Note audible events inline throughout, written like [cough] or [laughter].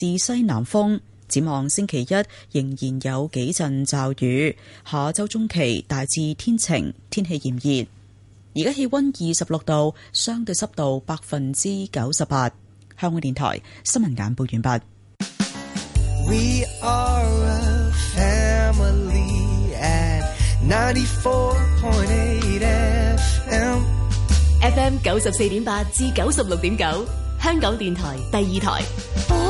自西南風展望，星期一仍然有幾陣驟雨。下周中期大致天晴，天氣炎熱。而家氣溫二十六度，相對濕度百分之九十八。香港電台新聞簡報完畢。We are a family at 94.8 FM. FM 九十四點八至九十六點九，9, 香港電台第二台。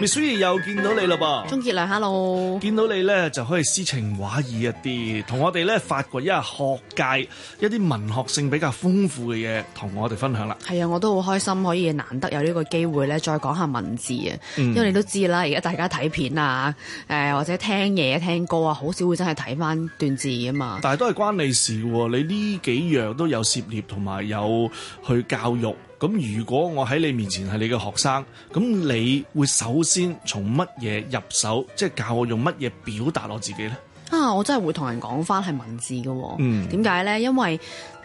Ms V 又見到你啦噃，鍾傑良，Hello，見到你咧，就可以詩情畫意一啲，同我哋咧發掘一下學界一啲文學性比較豐富嘅嘢，同我哋分享啦。係啊，我都好開心，可以難得有呢個機會咧，再講下文字啊。因為你都知啦，而家大家睇片啊，誒、呃、或者聽嘢、聽歌啊，好少會真係睇翻段字啊嘛。但係都係關你事喎，你呢幾樣都有涉獵同埋有去教育。咁如果我喺你面前係你嘅學生，咁你會首先從乜嘢入手？即係教我用乜嘢表達我自己呢？啊，我真係會同人講返係文字嘅。點解、嗯、呢？因為誒、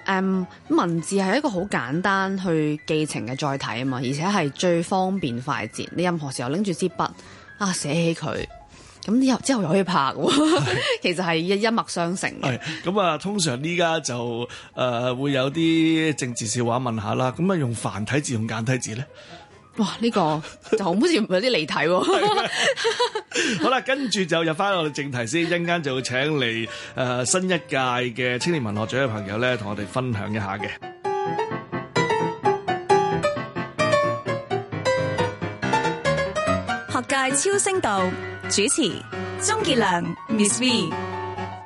嗯、文字係一個好簡單去寄情嘅載體啊嘛，而且係最方便快捷。你任何時候拎住支筆啊，寫起佢。咁又之後又可以拍喎，是其實係一脈相承。咁啊，通常呢家就誒、呃、會有啲政治笑話問下啦。咁啊，用繁體字用簡體字咧？哇！呢，這個 [laughs] 就好好似有啲離題。好啦，跟住就入翻我哋正題先。一陣間 [laughs] 就會請嚟誒、呃、新一屆嘅青年文學獎嘅朋友咧，同我哋分享一下嘅。學界超聲道。主持鍾傑良 Ms V。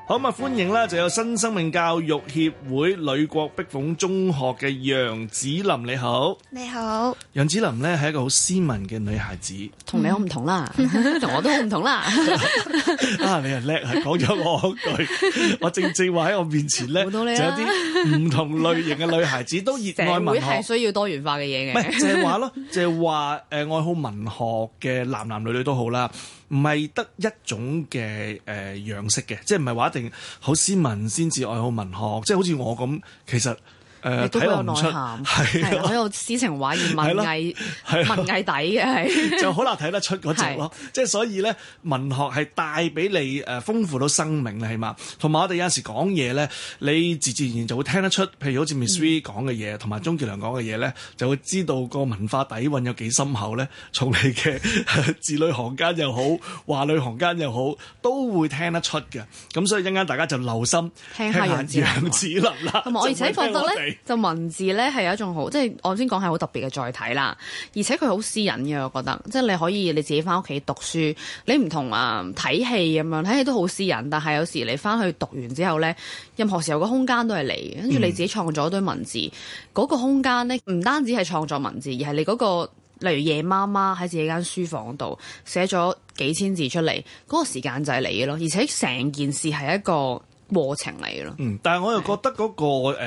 好嘛？歡迎啦！就有新生命教育協會呂郭碧鳳中學嘅楊芷琳。你好，你好，楊芷琳咧係一個好斯文嘅女孩子，同你好唔同啦，同我都好唔同啦。啊，你又叻，講咗我句，我正正話喺我面前咧，就有啲唔同類型嘅女孩子都熱愛文學，需要多元化嘅嘢嘅，係就係話咯，就係話誒，愛好文學嘅男男女女都好啦。唔係得一種嘅誒樣式嘅，即係唔係話一定好斯文先至愛好文學，即係好似我咁，其實。誒睇得出，係喺度詩情畫意文藝文藝底嘅係，就好難睇得出嗰隻咯。即係所以咧，文學係帶俾你誒豐富到生命嘅係嘛。同埋我哋有陣時講嘢咧，你自自然然就會聽得出。譬如好似 Ms V 講嘅嘢，同埋鍾傑良講嘅嘢咧，就會知道個文化底蘊有幾深厚咧。從你嘅字裏行間又好，話裏行間又好，都會聽得出嘅。咁所以陣間大家就留心聽下楊芷琳啦。同埋我而且講到咧。就文字咧係一種好，即係我先講係好特別嘅載體啦，而且佢好私隱嘅，我覺得，即係你可以你自己翻屋企讀書，你唔同啊睇戲咁樣，睇戲都好私隱，但係有時你翻去讀完之後咧，任何時候個空間都係你嘅。跟住你自己創作一堆文字，嗰、嗯、個空間咧唔單止係創作文字，而係你嗰個，例如夜媽媽喺自己間書房度寫咗幾千字出嚟，嗰個時間就係你嘅咯，而且成件事係一個。過程嚟咯，嗯，但係我又覺得嗰、那個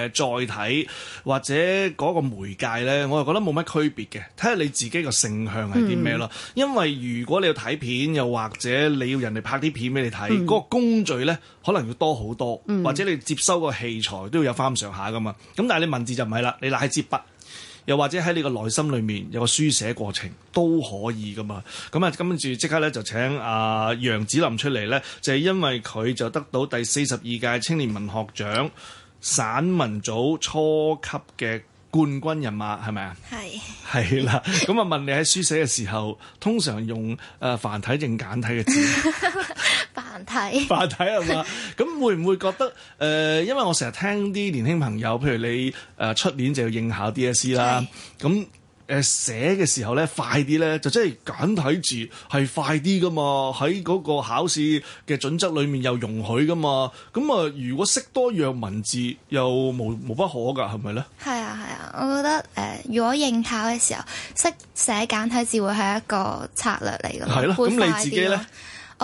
誒載體或者嗰個媒介咧，我又覺得冇乜區別嘅，睇下你自己個性向係啲咩咯。嗯、因為如果你要睇片，又或者你要人哋拍啲片俾你睇，嗰、嗯、個工序咧可能要多好多，嗯、或者你接收個器材都要有翻上下噶嘛。咁但係你文字就唔係啦，你攞支筆。又或者喺你個內心裏面有個書寫過程都可以噶嘛，咁啊，跟住即刻咧就請阿楊、呃、芷琳出嚟咧，就係、是、因為佢就得到第四十二屆青年文學獎散文組初級嘅。冠軍人馬係咪啊？係係啦，咁啊是問你喺書寫嘅時候，通常用誒繁體定簡體嘅字？ [laughs] 繁體。繁體係嘛？咁會唔會覺得誒、呃？因為我成日聽啲年輕朋友，譬如你誒出、呃、年就要應考 DSE 啦，咁。誒寫嘅時候咧，快啲咧，就即係簡體字係快啲噶嘛。喺嗰個考試嘅準則裏面又容許噶嘛。咁啊，如果識多樣文字又無無不可㗎，係咪咧？係啊係啊，我覺得誒、呃，如果應考嘅時候識寫簡體字會係一個策略嚟㗎，係咯、啊。咁快你自己咧？啊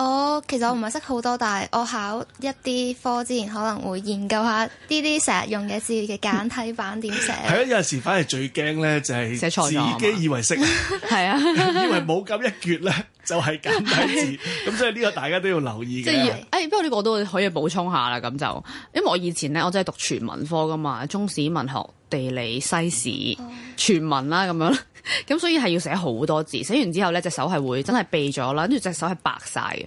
我、oh，其實我唔係識好多，但係我考一啲科之前可能會研究下呢啲成日用嘅字嘅簡體版點寫。係啊、 [laughs] 嗯，有陣時反而最驚咧就係寫錯自己以為識，係啊，因吧 [laughs] 為冇金一決冇咁一橛咧就係、是、簡體字，咁 [laughs] 是、啊、 [laughs] 所以呢個大家都要留意。即係誒，不過呢個我都可以補充下啦，咁就因為我以前咧我真係讀全文科噶嘛，中史文學。地理、西史、傳聞啦，咁樣啦，咁 [laughs] 所以係要寫好多字。寫完之後咧，隻手係會真係痹咗啦，跟住隻手係白晒嘅，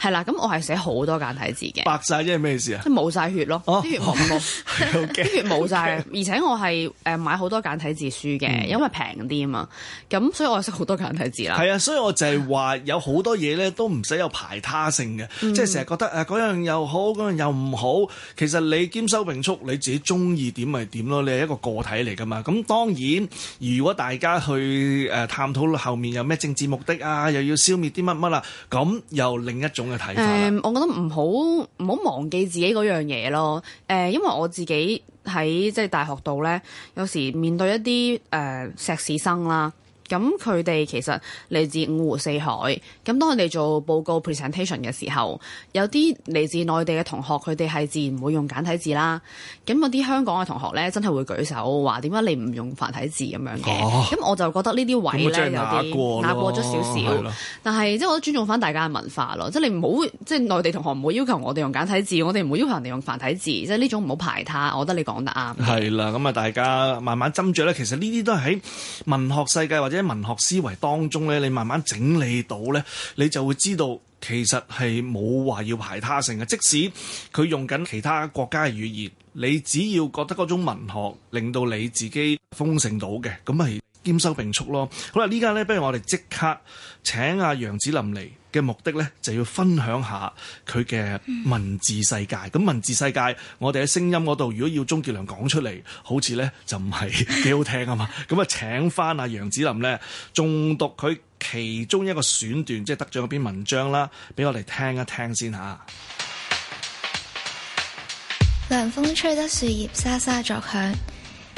係啦。咁我係寫好多簡體字嘅，白晒，即係咩事啊？即係冇晒血咯，啲血冇晒。啲血冇晒。而且我係誒買好多簡體字書嘅，嗯、因為平啲啊嘛。咁所以我識好多簡體字啦。係啊，所以我就係話有好多嘢咧，都唔使有排他性嘅，嗯、即係成日覺得誒嗰樣又好，嗰樣又唔好。其實你兼收並蓄，你自己中意點咪點咯。你係一個。個體嚟㗎嘛，咁當然，如果大家去誒探討後面有咩政治目的啊，又要消滅啲乜乜啦，咁又另一種嘅睇法，呃。我覺得唔好唔好忘記自己嗰樣嘢咯。誒、呃，因為我自己喺即係大學度咧，有時面對一啲誒、呃、碩士生啦、啊。咁佢哋其實嚟自五湖四海，咁當我哋做報告 presentation 嘅時候，有啲嚟自內地嘅同學，佢哋係自然唔會用簡體字啦。咁嗰啲香港嘅同學咧，真係會舉手話點解你唔用繁體字咁樣嘅。咁、哦、我就覺得呢啲位咧有啲難過咗少少，的但係即係我都尊重翻大家嘅文化咯。即係你唔好，即係內地同學唔好要求我哋用簡體字，我哋唔好要求人哋用繁體字。即係呢種唔好排他。我覺得你講得啱。係啦，咁啊，大家慢慢斟酌啦。其實呢啲都係喺文學世界或者，喺文學思維當中咧，你慢慢整理到咧，你就會知道，其實係冇話要排他性嘅。即使佢用緊其他國家嘅語言，你只要覺得嗰種文學令到你自己豐盛到嘅，咁咪兼收並蓄咯。好啦，呢家咧，不如我哋即刻請阿楊芷琳嚟嘅目的咧，就要分享下佢嘅文字世界。咁、嗯、文字世界，我哋喺聲音嗰度，如果要鍾傑良講出嚟，好似咧就唔係幾好聽啊嘛。咁啊， [laughs] 請翻阿楊芷琳咧，重讀佢其中一個選段，即係得獎嗰篇文章啦，俾我哋聽一聽先吓。涼風吹得樹葉沙沙作響，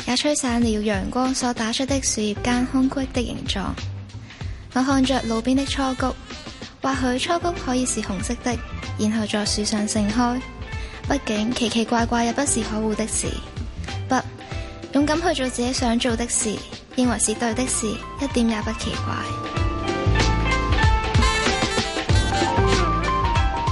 也吹散了陽光所打出的樹葉間空隙的形狀。我看着路邊的雛菊。或許初菊可以是紅色的，然後在樹上盛開。畢竟奇奇怪怪又不是可惡的事。不，勇敢去做自己想做的事，認為是對的事，一點也不奇怪。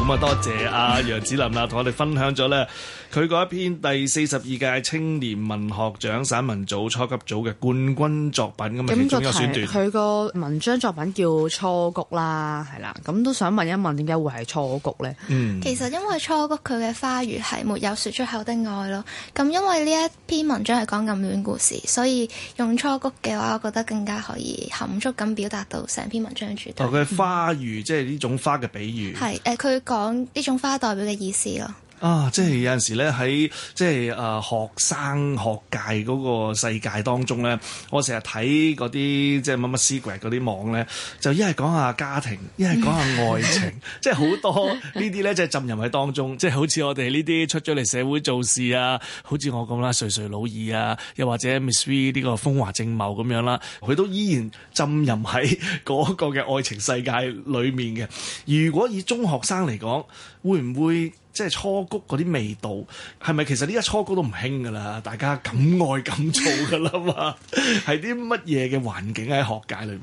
咁啊，多謝阿楊芷琳啊同我哋分享咗咧佢嗰一篇第四十二屆青年文學獎散文組初級組嘅冠軍作品咁啊，咁有選段。佢個文章作品叫初《初菊》啦，係啦。咁都想問一問點解會係《初菊》咧？嗯，其實因為《初菊》佢嘅花語係沒有說出口的愛咯。咁因為呢一篇文章係講暗戀故事，所以用《初菊》嘅話，我覺得更加可以含蓄咁表達到成篇文章嘅主題。佢花語、嗯、即係呢種花嘅比喻。係，誒、呃、佢。講呢種花代表嘅意思咯。啊，即係有陣時咧，喺即係啊、呃、學生學界嗰個世界當中咧，我成日睇嗰啲即係乜乜 secret 嗰啲網咧，就一係講下家庭，一係講下愛情， [laughs] 即係好多呢啲咧，即係浸淫喺當中，即係好似我哋呢啲出咗嚟社會做事啊，好似我咁啦，垂垂老矣啊，又或者 Ms V 呢個風華正茂咁樣啦，佢都依然浸淫喺嗰個嘅愛情世界裡面嘅。如果以中學生嚟講，會唔會？即係初谷嗰啲味道，係咪其實呢一初谷都唔興㗎啦？大家咁愛咁做㗎啦嘛？係啲乜嘢嘅環境喺學界裏邊？誒、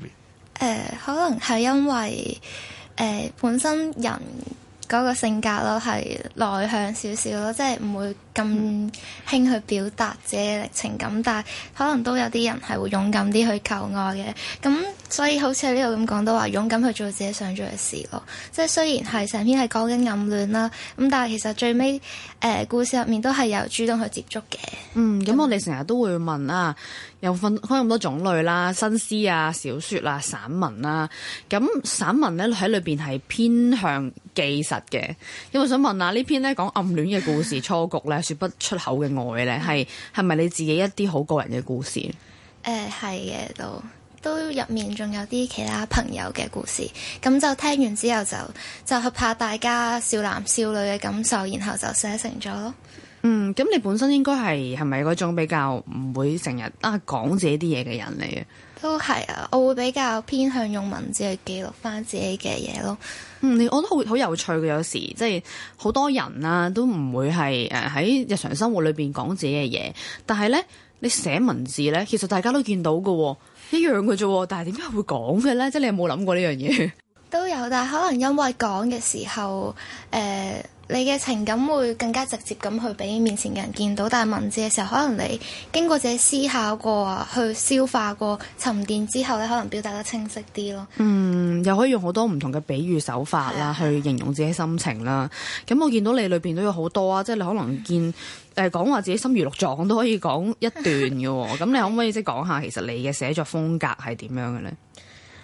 呃，可能係因為誒、呃、本身人。嗰個性格咯，係內向少少咯，即係唔會咁輕去表達自己嘅情感，但係可能都有啲人係會勇敢啲去求愛嘅。咁、嗯、所以好似喺呢度咁講都話，勇敢去做自己想做嘅事咯。即係雖然係成篇係講緊暗戀啦，咁但係其實最尾誒、呃、故事入面都係有主動去接觸嘅。嗯，咁我哋成日都會問啊。又分開咁多種類啦，新詩啊、小說啦、啊、散文啦、啊，咁散文咧喺裏邊係偏向記實嘅。咁我想問下、啊，篇呢篇咧講暗戀嘅故事，初局咧說不出口嘅愛咧，係係咪你自己一啲好個人嘅故事？誒係嘅，都都入面仲有啲其他朋友嘅故事。咁就聽完之後就就合拍大家少男少女嘅感受，然後就寫成咗囉。嗯，咁你本身應該係係咪嗰種比較唔會成日啊講自己啲嘢嘅人嚟嘅？都係啊，我會比較偏向用文字去記錄返自己嘅嘢咯。嗯，你我都好好有趣嘅。有時即係好多人啊，都唔會係誒喺日常生活裏邊講自己嘅嘢，但係咧你寫文字咧，其實大家都見到嘅、哦，一樣嘅啫。但係點解會講嘅咧？即係你有冇諗過呢樣嘢？都有，但係可能因為講嘅時候誒。呃你嘅情感會更加直接咁去俾面前嘅人見到，但係文字嘅時候，可能你經過自己思考過啊，去消化過、沉澱之後咧，你可能表達得清晰啲咯。嗯，又可以用好多唔同嘅比喻手法啦， [laughs] 去形容自己心情啦。咁我見到你裏邊都有好多啊，即係你可能見誒講話自己心如鹿撞都可以講一段嘅喎。咁 [laughs] 你可唔可以即係講下，其實你嘅寫作風格係點樣嘅咧？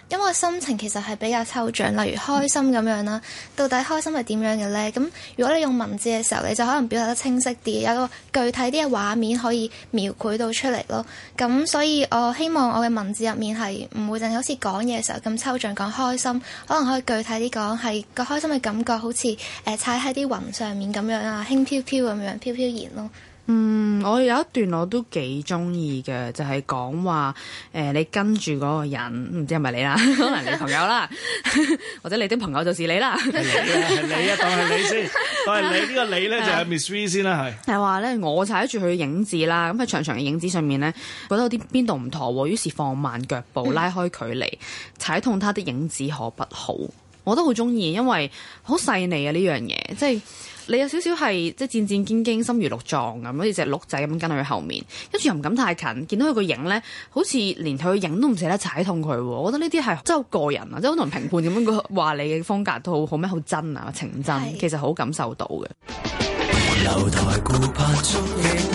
因為心情其實係比較抽象，例如開心咁樣啦。到底開心係點樣嘅咧？咁如果你用文字嘅時候，你就可能表達得清晰啲，有個具體啲嘅畫面可以描繪到出嚟咯。咁所以我希望我嘅文字入面係唔會淨係好似講嘢嘅時候咁抽象，講開心，可能可以具體啲講係個開心嘅感覺好，好似誒踩喺啲雲上面咁樣啊，輕飄飄咁樣飄飄然咯。嗯，我有一段我都幾中意嘅，就係講話，誒、呃，你跟住嗰個人，唔知係咪你啦，可能你朋友啦， [laughs] [laughs] 或者你啲朋友就是你啦，你啊，係你 [laughs] 當係你先，當係你， [laughs] 你，這個，你呢個你咧就係 Miss V 先啦。係係話咧，我踩住佢嘅影子啦，咁喺長長嘅影子上面咧，覺得有啲邊度唔妥，於是放慢腳步，拉開距離，踩痛他的影子可不好。我都好中意，因為好細膩啊呢樣嘢，即係你有少少係即係戰戰兢兢、心如鹿撞咁，好似隻鹿仔咁跟喺佢後面，跟住又唔敢太近，見到佢個影咧，好似連佢個影都唔捨得踩痛佢。我覺得呢啲係真係好個人啊， [laughs] 即係好多人評判咁樣佢話你嘅風格都好咩好真啊，情真，是其實好感受到嘅。 [music]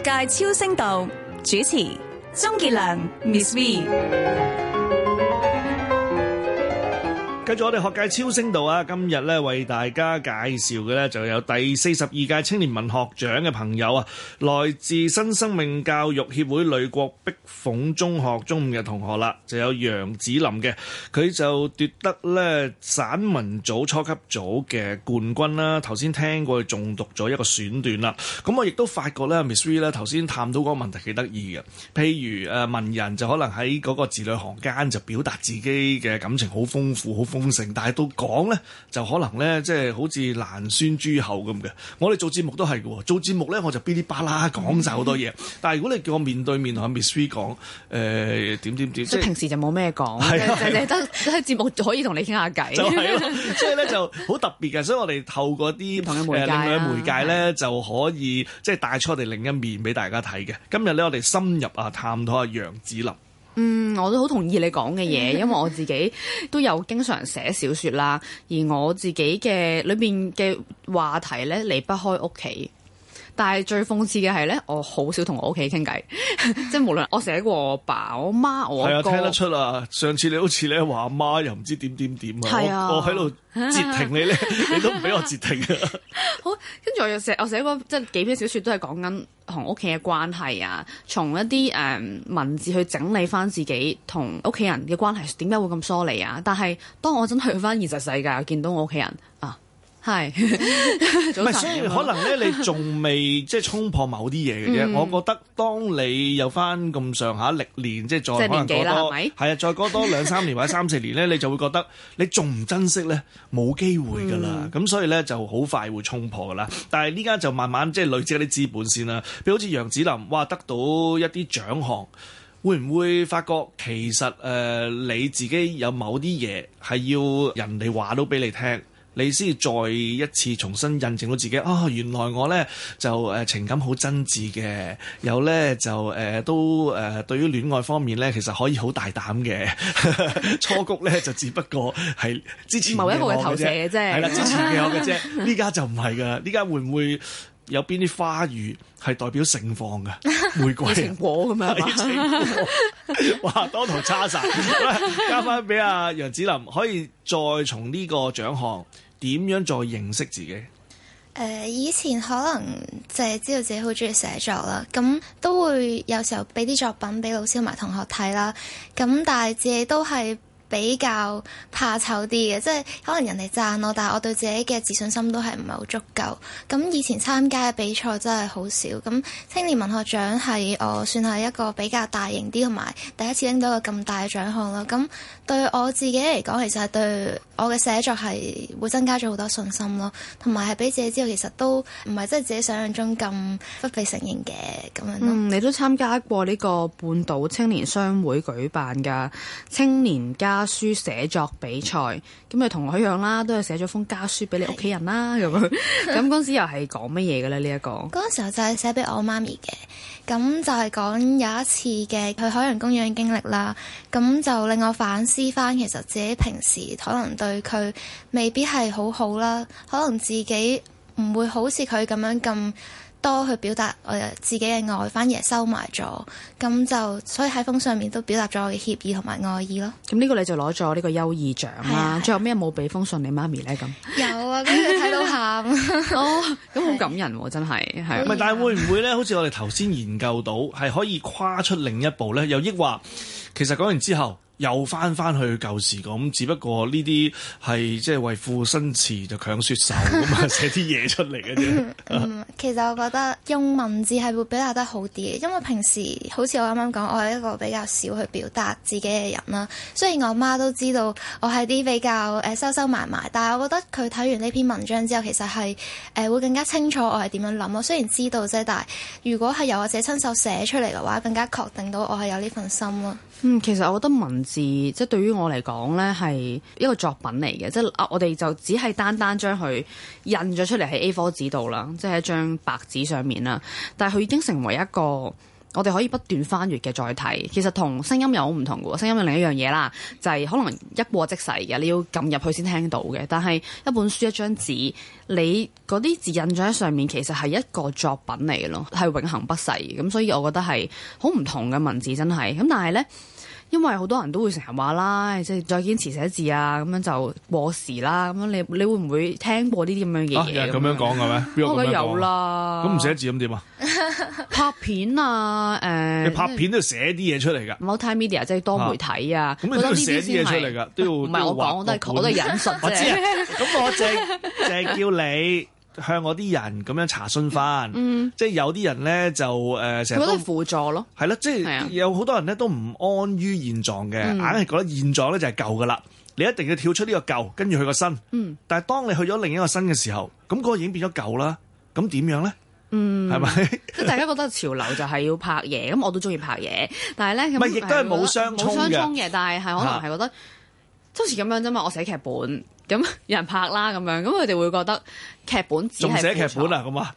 界超聲道主持鍾傑良、Miss V。喺咗我哋學界超聲道啊！今日咧為大家介紹嘅咧就有第四十二屆青年文學獎嘅朋友啊，來自新生命教育協會呂郭碧鳳中學中五嘅同學啦，就有楊芷琳嘅，佢就奪得咧散文組初級組嘅冠軍啦。頭、啊、先聽過佢誦讀咗一個選段啦，咁、啊嗯、我亦都發覺咧，Ms V 咧頭先探討嗰個問題幾得意嘅，譬如誒、啊、文人就可能喺嗰個字裏行間就表達自己嘅感情好豐富，好豐富。奉承，大係到講咧就可能咧，即、就、係、是、好似難宣諸侯咁嘅。我哋做節目都係嘅，做節目咧我就嗶哩吧啦講晒好多嘢。嗯、但係如果你叫我面對面同 Ms V 講，誒點點點，即、呃、係平時就冇咩講，係淨係得喺節目可以同你傾下偈。所以咧就好、是就是就是就是就是、特別嘅。所以我哋透過啲朋友外嘅媒介咧、啊呃，介就可以即係帶出我哋另一面俾大家睇嘅。今日咧我哋深入啊探討下楊芷琳。嗯，我都好同意你講嘅嘢，因為我自己都有經常寫小說啦，而我自己嘅裏邊嘅話題咧，離不開屋企。.但係最諷刺嘅係咧，我好少同我屋企傾偈， [laughs] 即係無論我寫過我爸、我媽、我哥，係啊，聽得出啊！上次你好似你話阿媽又唔知點點點啊，我我喺度截停你咧， [laughs] 你都唔俾我截停啊！ [laughs] 好，跟住我又寫我寫，我寫過即係幾篇小説都係講緊同屋企嘅關係啊，從一啲誒、嗯、文字去整理翻自己同屋企人嘅關係點解會咁疏離啊？但係當我真去翻現實世界，見到我屋企人啊～係，唔係 [laughs] 日、啊、所以可能咧，你仲未即係衝破某啲嘢嘅啫。 [laughs] 嗯、我覺得當你有翻咁上下歷練，即係再可能過多，係啊， [laughs] 再過多兩三年 [laughs] 或者三四年咧，你就會覺得你仲唔珍惜咧，冇機會噶啦。咁、嗯、所以咧，就好快會衝破噶啦。但係呢家就慢慢即係累積一啲資本先啦。譬如好似楊芷琳，哇，得到一啲獎項，會唔會發覺其實誒、呃、你自己有某啲嘢係要人哋話到俾你聽？你先再一次重新印證到自己，啊、哦，原來我咧就誒、呃、情感好真摯嘅，有咧就誒、呃、都誒、呃、對於戀愛方面咧，其實可以好大膽嘅， [laughs] 初稿咧就只不過係之前某一個嘅投射嘅啫，係啦， [laughs] 之前嘅我嘅啫，依家就唔係噶，依家會唔會？有邊啲花語係代表盛況嘅玫瑰？成果咁樣， [laughs] 哇！當堂插晒。交翻俾阿楊芷琳，可以再從呢個獎項點樣再認識自己？誒、呃，以前可能淨係知道自己好中意寫作啦，咁都會有時候俾啲作品俾老師同埋同學睇啦，咁但係自己都係。比較怕醜啲嘅，即係可能人哋讚我，但係我對自己嘅自信心都係唔係好足夠。咁以前參加嘅比賽真係好少。咁青年文學獎係我算係一個比較大型啲，同埋第一次拎到一個咁大嘅獎項啦。咁對我自己嚟講，其實對我嘅寫作係會增加咗好多信心咯，同埋係俾自己知道其實都唔係即係自己想象中咁不被承認嘅咁樣。嗯，你都參加過呢個半島青年商會舉辦嘅青年家書寫作比賽，咁咪、嗯、同我一樣啦，都係寫咗封家書俾你屋企人啦咁樣。咁嗰的 [laughs] 時又係講乜嘢嘅呢？呢一 [laughs] 個嗰陣時候就係寫俾我媽咪嘅，咁就係講有一次嘅去海洋公園嘅經歷啦，咁就令我反思。知翻，其實自己平時可能對佢未必係好好啦，可能自己唔會好似佢咁樣咁多去表達我自己嘅愛，反而收埋咗。咁就所以喺封信上面都表達咗我嘅歉意同埋愛意咯。咁呢個你就攞咗呢個優異獎啦。最後咩冇俾封信你媽咪咧？咁有啊，佢哋睇到喊哦，咁好感人、啊、真係係咪？但係會唔會咧？好似我哋頭先研究到係可以跨出另一步咧？又抑或其實講完之後？又翻翻去舊時咁，只不過呢啲係即係為賦新詞就強說愁咁啊， [laughs] 寫啲嘢出嚟嘅啫。其實我覺得用文字係會比較得好啲，因為平時好似我啱啱講，我係一個比較少去表達自己嘅人啦。雖然我媽都知道我係啲比較誒、呃、收收埋埋，埋，但係我覺得佢睇完呢篇文章之後，其實係誒、呃、會更加清楚我係點樣諗。我雖然知道啫，但係如果係由我自己親手寫出嚟嘅話，更加確定到我係有呢份心咯。嗯，其實我覺得文字即係對於我嚟講呢，係一個作品嚟嘅，即係我哋就只係單單將佢印咗出嚟喺 A4 紙度啦，即係一張白紙上面啦，但係佢已經成為一個。我哋可以不斷翻閱嘅再睇，其實同聲音又好唔同嘅喎。聲音係另一樣嘢啦，就係可能一過即逝嘅，你要撳入去先聽到嘅。但係一本書一張紙，你嗰啲字印咗喺上面，其實係一個作品嚟嘅咯，係永恆不逝。咁所以我覺得係好唔同嘅文字，真係。咁但係咧，因為好多人都會成日話啦，即係再堅持寫字啊，咁樣就過時啦。咁樣你你會唔會聽過呢啲咁樣嘅嘢？咁樣講嘅咩？我覺得有啦。咁唔寫字咁點啊？ [laughs] 拍片啊，誒，你拍片都要寫啲嘢出嚟㗎。唔好 multimedia 即係多媒體啊，咁你都要寫啲嘢出嚟㗎，都要。唔係我講，我都係我都係引述。我知咁我淨淨係叫你向我啲人咁樣查詢翻，即係有啲人咧就誒成日都輔助咯。係啦，即係有好多人咧都唔安於現狀嘅，硬係覺得現狀咧就係舊㗎啦。你一定要跳出呢個舊，跟住去個新。但係當你去咗另一個新嘅時候，咁嗰個已經變咗舊啦。咁點樣咧？嗯，係咪即係大家覺得潮流就係要拍嘢咁，我都中意拍嘢，但係咧咁，亦都係冇相冇相沖嘅，但係係可能係覺得即好似咁樣啫嘛。我寫劇本，咁有人拍啦，咁樣咁佢哋會覺得劇本仲寫劇本啊？咁啊，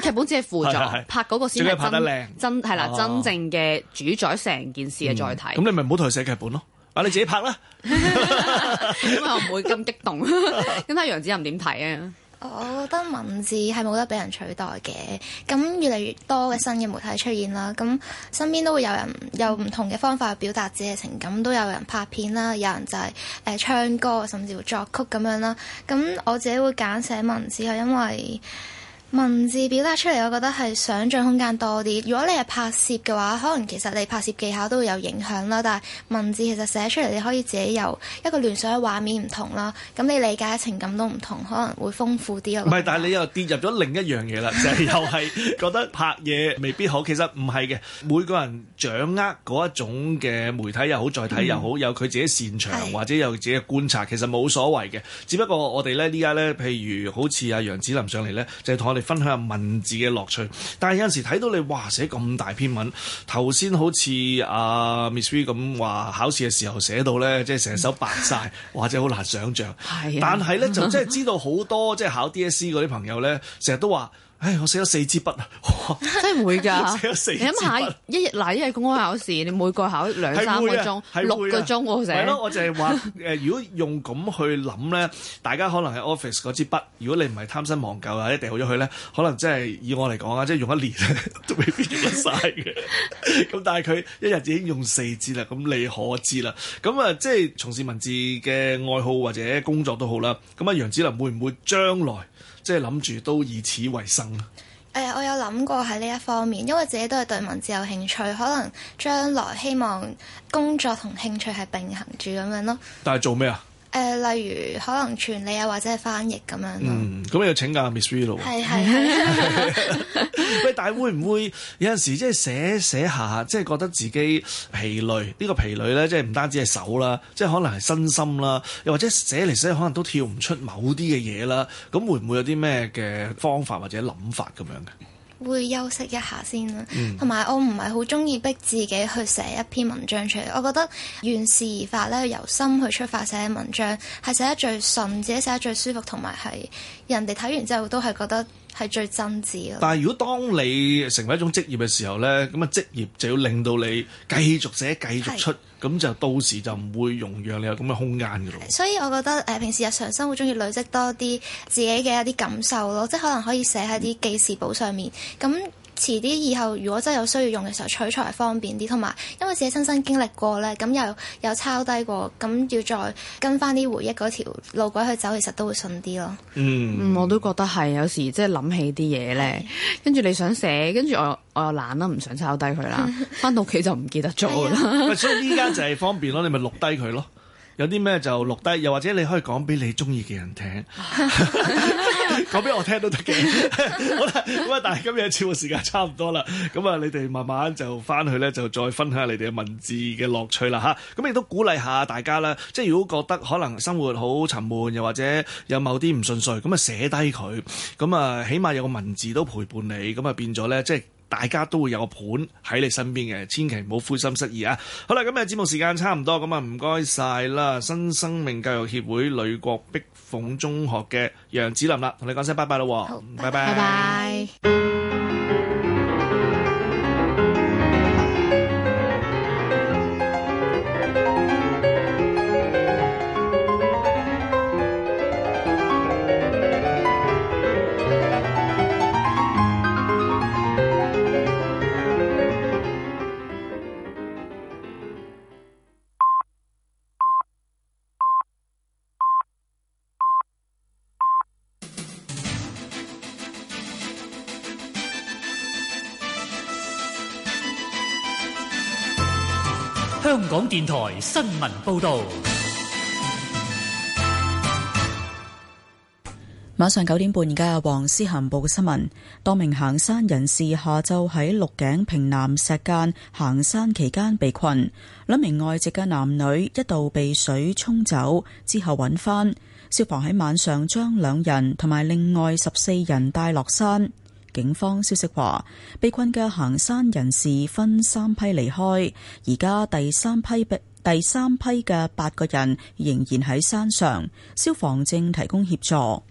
劇本只係輔助，拍嗰個先。拍得靚，真係啦，真正嘅主宰成件事嘅再睇。咁你咪唔好同佢寫劇本咯，啊你自己拍啦，咁我唔會咁激動。咁睇楊芷琳點睇啊？我覺得文字係冇得俾人取代嘅，咁越嚟越多嘅新嘅媒體出現啦，咁身邊都會有人有唔同嘅方法去表達自己嘅情感，都有人拍片啦，有人就係、是、誒、呃、唱歌，甚至乎作曲咁樣啦。咁我自己會揀寫文字係因為，文字表達出嚟，我覺得係想象空間多啲。如果你係拍攝嘅話，可能其實你拍攝技巧都會有影響啦。但係文字其實寫出嚟，你可以自己由一個聯想嘅畫面唔同啦。咁你理解嘅情感都唔同，可能會豐富啲咯。唔係，但係你又跌入咗另一樣嘢啦， [laughs] 就係又係覺得拍嘢未必好。 [laughs] 其實唔係嘅，每個人掌握嗰一種嘅媒體又好，載體又好，嗯、有佢自己擅長是或者有自己嘅觀察，其實冇所謂嘅。只不過我哋咧，呢家咧，譬如好似阿楊芷琳上嚟咧，就係。分享下文字嘅樂趣，但係有陣時睇到你哇寫咁大篇文，頭先好似阿、uh, Miss V 咁話考試嘅時候寫到咧，即係成手白晒，或者好難想象。係， [laughs] 但係咧就真係知道好多即係考 DSE 嗰啲朋友咧，成日都話。唉，我寫咗四支筆啊！真係唔會㗎，寫咗四支筆。你諗下一日嗱，一日公開考試，你每個考兩三個鐘，六個鐘喎，成日我就係話誒，如果用咁去諗咧，大家可能係 office 嗰支筆，如果你唔係貪新忘舊啊，一掉咗佢咧，可能真係以我嚟講啊，即係用一年咧都未必用得曬嘅。咁但係佢一日已經用四支啦，咁你可知啦？咁啊，即係從事文字嘅愛好或者工作都好啦。咁啊，楊芷琳會唔會將來？即係諗住都以此為生。誒、哎，我有諗過喺呢一方面，因為自己都係對文字有興趣，可能將來希望工作同興趣係並行住咁樣咯。但係做咩啊？誒、呃，例如可能傳理啊，或者係翻譯咁樣咯。嗯，咁樣、嗯、你要請教 Miss V 啦喎。係喂， [noise] [laughs] [laughs] 但係會唔會有陣時即係寫一寫一下，即係覺得自己疲累？呢、呢個疲累咧，即係唔單止係手啦，即係可能係身心啦，又或者寫嚟寫去，可能都跳唔出某啲嘅嘢啦。咁會唔會有啲咩嘅方法或者諗法咁樣嘅？會休息一下先啦，同埋、嗯、我唔係好鍾意逼自己去寫一篇文章出嚟。我覺得緣事而發咧，由心去出發寫文章係寫得最順，自己寫得最舒服，同埋係人哋睇完之後都係覺得係最真摯咯。但係如果當你成為一種職業嘅時候呢，咁啊職業就要令到你繼續寫、繼續出。咁就到時就唔會容讓你有咁嘅空間㗎喇。所以我覺得誒、呃，平時日常生活中要累積多啲自己嘅一啲感受咯，即係可能可以寫喺啲記事簿上面。咁。遲啲以後，如果真係有需要用嘅時候，取材方便啲，同埋因為自己親身，身經歷過呢，咁又又抄低過，咁要再跟翻啲回憶嗰條路軌去走，其實都會順啲咯。嗯，我都覺得係，有時即係諗起啲嘢呢，是跟住你想寫，跟住我我又懶啦，唔想抄低佢啦，翻 [laughs] 到屋企就唔記得咗啦。所以依家就係方便咯，你咪錄低佢咯，有啲咩就錄低，又或者你可以講俾你中意嘅人聽。 [laughs] [laughs] 講俾 [laughs] 我聽都得嘅。好啦，咁啊，但係今日節目時間差唔多啦，咁啊，你哋慢慢就返去咧，就再分享下你哋嘅文字嘅樂趣啦，吓，咁亦都鼓勵下大家啦，即係如果覺得可能生活好沉悶，又或者有某啲唔順遂，咁啊寫低佢，咁啊起碼有個文字都陪伴你，咁啊變咗咧，即係。大家都會有個盤喺你身邊嘅，千祈唔好灰心失意啊！好啦，今日節目時間差唔多，咁啊唔該晒啦！新生命教育協會呂郭碧鳳中學嘅楊芷琳啦，同你講聲拜拜啦，好，拜拜。新聞報道。晚上九點半，而家有黃思涵報嘅新聞。多名行山人士下晝喺鹿頸平南石間行山期間被困，兩名外籍嘅男女一度被水沖走，之後揾翻。消防喺晚上將兩人同埋另外十四人帶落山。警方消息話，被困嘅行山人士分三批離開，而家第三批畢。第三批嘅八個人仍然喺山上，消防正提供協助。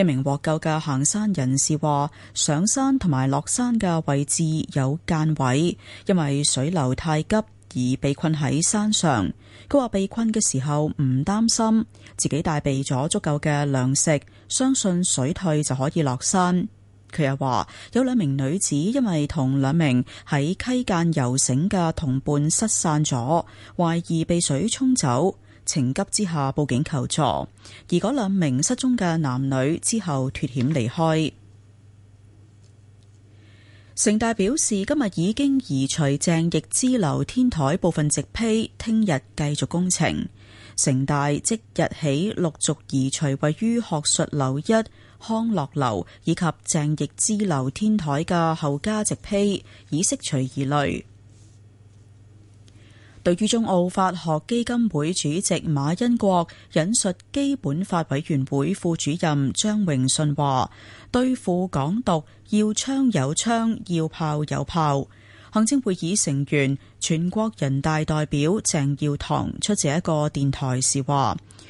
一名獲救嘅行山人士話：上山同埋落山嘅位置有間位，因為水流太急而被困喺山上。佢話被困嘅時候唔擔心，自己帶備咗足夠嘅糧食，相信水退就可以落山。佢又話：有兩名女子因為同兩名喺溪澗游繩嘅同伴失散咗，懷疑被水沖走，情急之下報警求助。而嗰兩名失蹤嘅男女之後脱險離開。城 [noise] 大表示，今日已經移除鄭翼之樓天台部分植被，聽日繼續工程。城大即日起陸續移除位於學術樓一。康樂樓以及鄭逸之樓天台嘅後家直批已釋除疑慮。對於中澳法學基金會主席馬恩國引述基本法委員會副主任張榮順話，對付港獨，要槍有槍，要炮有炮。行政會議成員、全國人大代表鄭耀棠出席一個電台時話。